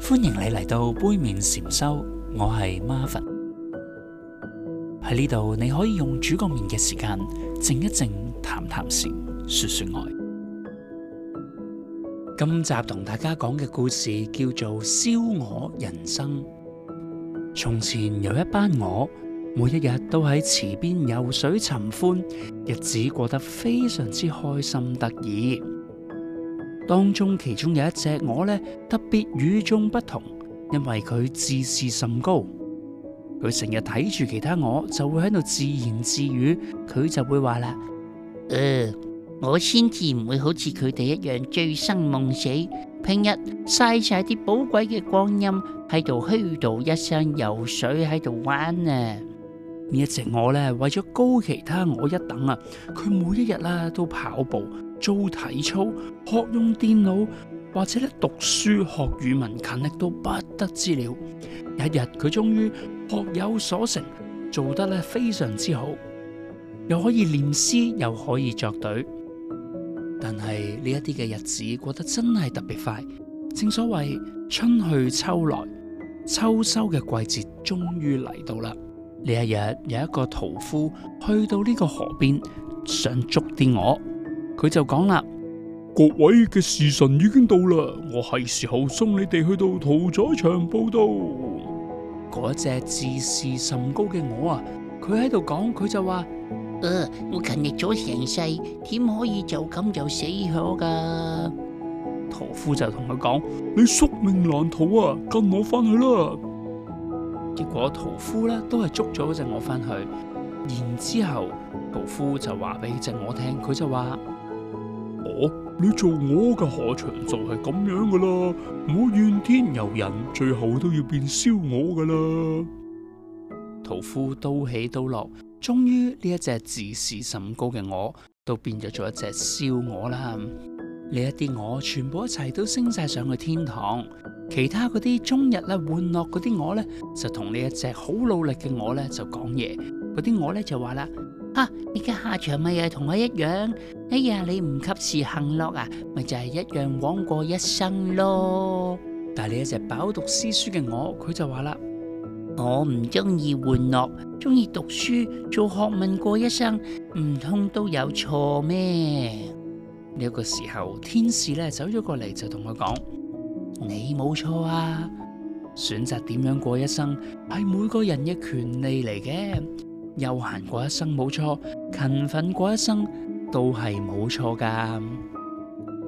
歡迎你嚟到杯麵禪修，我係 Marvin，喺呢度，你可以用煮個麵嘅時間靜一靜，談談禪，說說愛。今集同大家講嘅故事叫做《燒鵝人生》。從前有一班鵝，每一日都喺池邊游水尋歡，日子過得非常之開心得意。當中其中有一隻鵝咧，特別與眾不同，因為佢自視甚高。佢成日睇住其他鵝，就會喺度自言自語，佢就會話啦：誒、呃，我先至唔會好似佢哋一樣醉生夢死，平日嘥晒啲寶貴嘅光陰喺度虛度一生，游水喺度玩呢。呢一隻鵝咧，為咗高其他鵝一等啊，佢每一日啦都跑步。做體操、學用電腦，或者咧讀書學語文，勤力到不得之了。有一日佢終於學有所成，做得咧非常之好，又可以念詩，又可以作對。但係呢一啲嘅日子過得真係特別快，正所謂春去秋來，秋收嘅季節終於嚟到啦。呢一日有一個屠夫去到呢個河邊，想捉啲鵝。佢就講啦，各位嘅時辰已經到啦，我係時候送你哋去到屠宰場報到。嗰隻自視甚高嘅鵝啊，佢喺度講，佢就話：，誒、呃，我勤力咗成世，點可以就咁就死咗噶？屠夫就同佢講：，你宿命難逃啊，跟我翻去啦。結果屠夫呢都係捉咗嗰隻鵝翻去，然之後屠夫就話俾隻鵝聽，佢就話。我你做我嘅下場就係咁樣噶啦，唔好怨天尤人，最後都要變燒鵝噶啦。屠夫刀起刀落，終於呢一隻自視甚高嘅鵝，都變咗做一隻燒鵝啦。呢一啲鵝全部一齊都升晒上去天堂，其他嗰啲終日啦玩樂嗰啲鵝咧，就同呢一隻好努力嘅鵝咧就講嘢，嗰啲鵝咧就話啦：，吓你嘅下場咪又係同我一樣。哎呀，你唔及時行樂啊，咪就係一樣枉過一生咯。但係你一隻飽讀詩書嘅我，佢就話啦：我唔中意玩樂，中意讀書做學問過一生，唔通都有錯咩？呢個時候，天使咧走咗過嚟就同我講：你冇錯啊，選擇點樣過一生係每個人嘅權利嚟嘅。悠閒過一生冇錯，勤奮過一生。都係冇錯㗎。